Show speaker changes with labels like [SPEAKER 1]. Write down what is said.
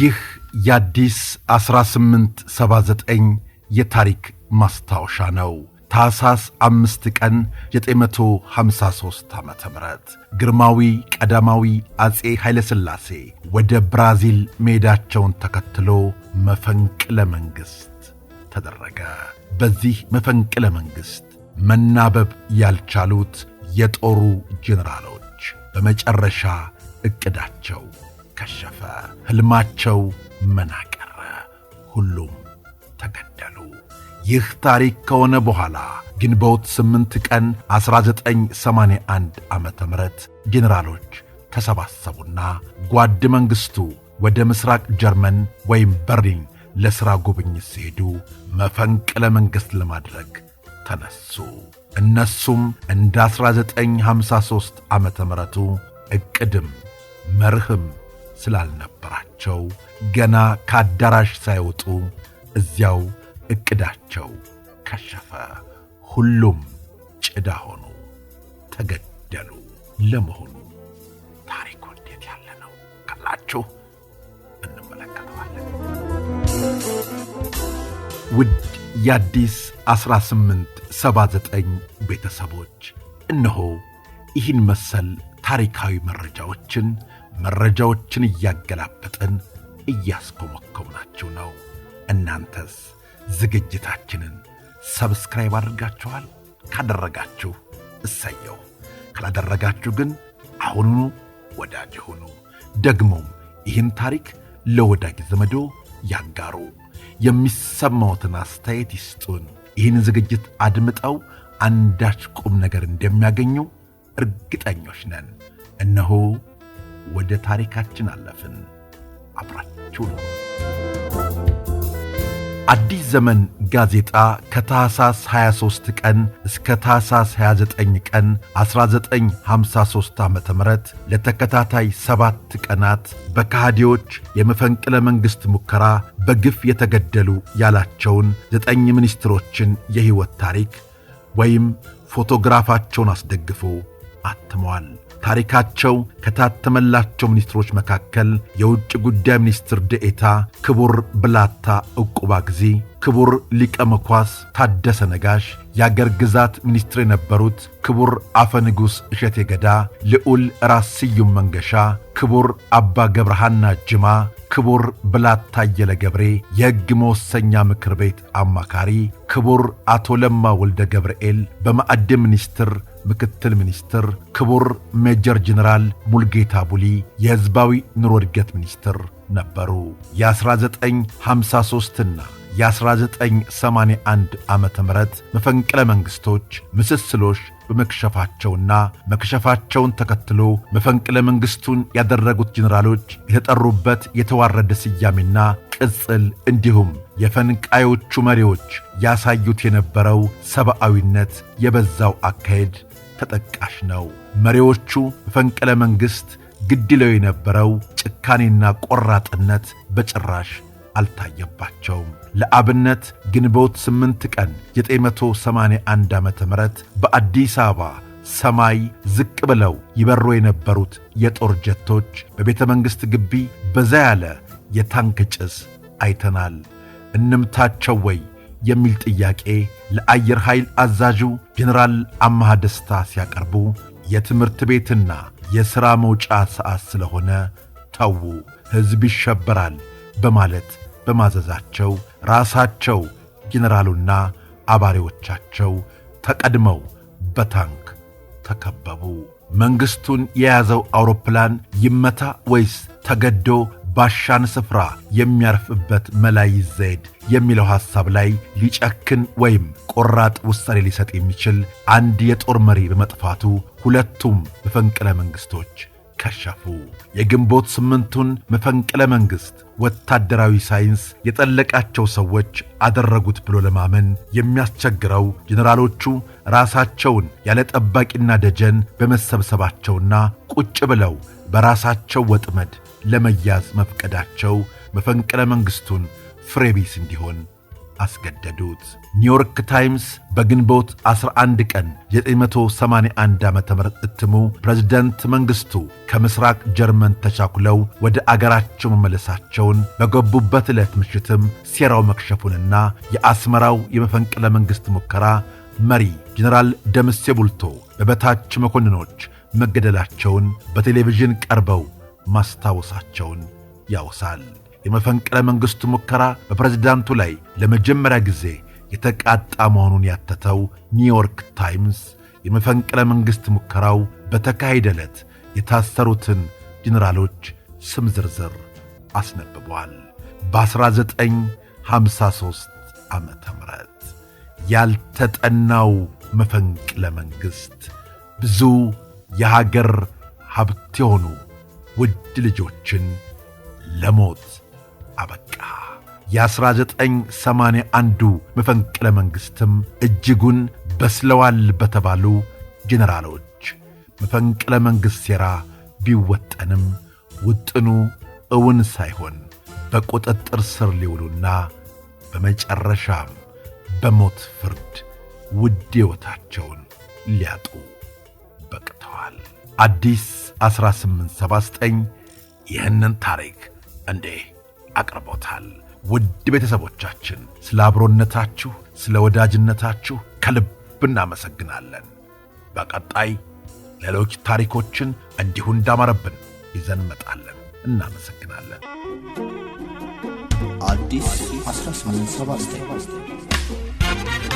[SPEAKER 1] ይህ የአዲስ 1879 የታሪክ ማስታወሻ ነው። ታኅሳስ አምስት ቀን 953 ዓ ም ግርማዊ ቀዳማዊ አፄ ኃይለሥላሴ ወደ ብራዚል መሄዳቸውን ተከትሎ መፈንቅለ መንግሥት ተደረገ። በዚህ መፈንቅለ መንግሥት መናበብ ያልቻሉት የጦሩ ጄኔራሎች በመጨረሻ እቅዳቸው ከሸፈ። ሕልማቸው መናቀረ፣ ሁሉም ተገደሉ። ይህ ታሪክ ከሆነ በኋላ ግንቦት 8 ቀን 1981 ዓ ም ጄኔራሎች ተሰባሰቡና ጓድ መንግሥቱ ወደ ምሥራቅ ጀርመን ወይም በርሊን ለሥራ ጉብኝት ሲሄዱ መፈንቅለ መንግሥት ለማድረግ ተነሱ። እነሱም እንደ 1953 ዓመተ ምሕረቱ ዕቅድም መርህም ስላልነበራቸው ገና ከአዳራሽ ሳይወጡ እዚያው ዕቅዳቸው ከሸፈ። ሁሉም ጭዳ ሆኑ፣ ተገደሉ። ለመሆኑ ታሪኩ እንዴት ያለ ነው ካላችሁ እንመለከተዋለን። ውድ የአዲስ 18 79 ቤተሰቦች እነሆ ይህን መሰል ታሪካዊ መረጃዎችን መረጃዎችን እያገላበጥን እያስኮመኮምናችሁ ነው። እናንተስ ዝግጅታችንን ሰብስክራይብ አድርጋችኋል? ካደረጋችሁ እሰየው፣ ካላደረጋችሁ ግን አሁኑኑ ወዳጅ ሁኑ። ደግሞም ይህን ታሪክ ለወዳጅ ዘመዶ ያጋሩ። የሚሰማዎትን አስተያየት ይስጡን። ይህንን ዝግጅት አድምጠው አንዳች ቁም ነገር እንደሚያገኙ እርግጠኞች ነን። እነሆ ወደ ታሪካችን አለፍን። አብራችሁ ነው። አዲስ ዘመን ጋዜጣ ከታህሳስ 23 ቀን እስከ ታህሳስ 29 ቀን 1953 ዓ ም ለተከታታይ ሰባት ቀናት በካሃዲዎች የመፈንቅለ መንግሥት ሙከራ በግፍ የተገደሉ ያላቸውን ዘጠኝ ሚኒስትሮችን የሕይወት ታሪክ ወይም ፎቶግራፋቸውን አስደግፎ አትመዋል። ታሪካቸው ከታተመላቸው ሚኒስትሮች መካከል የውጭ ጉዳይ ሚኒስትር ደኤታ ክቡር ብላታ ዕቁባ ጊዜ፣ ክቡር ሊቀ መኳስ ታደሰ ነጋሽ፣ የአገር ግዛት ሚኒስትር የነበሩት ክቡር አፈ ንጉሥ እሸቴ ገዳ፣ ልዑል ራስ ስዩም መንገሻ፣ ክቡር አባ ገብረሃና ጅማ ክቡር ብላታ አየለ ገብሬ የሕግ መወሰኛ ምክር ቤት አማካሪ፣ ክቡር አቶ ለማ ወልደ ገብርኤል በማዕድ ሚኒስትር ምክትል ሚኒስትር፣ ክቡር ሜጀር ጀነራል ሙልጌታ ቡሊ የሕዝባዊ ኑሮ እድገት ሚኒስትር ነበሩ። የ1953ና የ1981 ዓ ም መፈንቅለ መንግሥቶች ምስስሎች በመክሸፋቸውና መክሸፋቸውን ተከትሎ መፈንቅለ መንግሥቱን ያደረጉት ጀነራሎች የተጠሩበት የተዋረደ ስያሜና ቅጽል እንዲሁም የፈንቃዮቹ መሪዎች ያሳዩት የነበረው ሰብአዊነት የበዛው አካሄድ ተጠቃሽ ነው። መሪዎቹ መፈንቅለ መንግሥት ግድለው የነበረው ጭካኔና ቆራጥነት በጭራሽ አልታየባቸውም። ለአብነት ግንቦት 8 ቀን 981 ዓ ም በአዲስ አበባ ሰማይ ዝቅ ብለው ይበሩ የነበሩት የጦር ጀቶች በቤተ መንግሥት ግቢ በዛ ያለ የታንክ ጭስ አይተናል። እንምታቸው ወይ የሚል ጥያቄ ለአየር ኃይል አዛዡ ጀኔራል አማሃ ደስታ ሲያቀርቡ የትምህርት ቤትና የሥራ መውጫ ሰዓት ስለሆነ ተዉ፣ ሕዝብ ይሸበራል በማለት በማዘዛቸው ራሳቸው ጀኔራሉና አባሪዎቻቸው ተቀድመው በታንክ ተከበቡ። መንግሥቱን የያዘው አውሮፕላን ይመታ ወይስ ተገዶ ባሻን ስፍራ የሚያርፍበት መላይ ዘይድ የሚለው ሐሳብ ላይ ሊጨክን ወይም ቆራጥ ውሳኔ ሊሰጥ የሚችል አንድ የጦር መሪ በመጥፋቱ ሁለቱም መፈንቅለ መንግሥቶች ከሸፉ። የግንቦት ስምንቱን መፈንቅለ መንግሥት ወታደራዊ ሳይንስ የጠለቃቸው ሰዎች አደረጉት ብሎ ለማመን የሚያስቸግረው ጀነራሎቹ ራሳቸውን ያለ ጠባቂና ደጀን በመሰብሰባቸውና ቁጭ ብለው በራሳቸው ወጥመድ ለመያዝ መፍቀዳቸው መፈንቅለ መንግሥቱን ፍሬቢስ እንዲሆን አስገደዱት። ኒውዮርክ ታይምስ በግንቦት 11 ቀን 981 ዓ ም እትሙ ፕሬዝደንት መንግሥቱ ከምሥራቅ ጀርመን ተቻኩለው ወደ አገራቸው መመለሳቸውን በገቡበት ዕለት ምሽትም ሴራው መክሸፉንና የአስመራው የመፈንቅለ መንግሥት ሙከራ መሪ ጀኔራል ደምሴ ቡልቶ በበታች መኮንኖች መገደላቸውን በቴሌቪዥን ቀርበው ማስታወሳቸውን ያውሳል። የመፈንቅለ መንግሥቱ ሙከራ በፕሬዝዳንቱ ላይ ለመጀመሪያ ጊዜ የተቃጣ መሆኑን ያተተው ኒውዮርክ ታይምስ የመፈንቅለ መንግሥት ሙከራው በተካሄደ ዕለት የታሰሩትን ጄኔራሎች ስም ዝርዝር አስነብቧል። በ1953 ዓ ም ያልተጠናው መፈንቅለ መንግሥት ብዙ የሀገር ሀብት የሆኑ ውድ ልጆችን ለሞት አበቃ። የ1981ዱ መፈንቅለ መንግሥትም እጅጉን በስለዋል በተባሉ ጄኔራሎች መፈንቅለ መንግሥት ሴራ ቢወጠንም ውጥኑ እውን ሳይሆን በቁጥጥር ስር ሊውሉና በመጨረሻም በሞት ፍርድ ውድ ሕይወታቸውን ሊያጡ በቅተዋል። አዲስ 1879 ይህንን ታሪክ እንዲህ አቅርቦታል። ውድ ቤተሰቦቻችን ስለ አብሮነታችሁ፣ ስለ ወዳጅነታችሁ ከልብ እናመሰግናለን። በቀጣይ ሌሎች ታሪኮችን እንዲሁ እንዳማረብን ይዘን እንመጣለን። እናመሰግናለን። አዲስ 1879